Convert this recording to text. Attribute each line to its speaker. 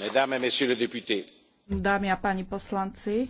Speaker 1: mesdames et messieurs les députés
Speaker 2: dámy a páni poslanci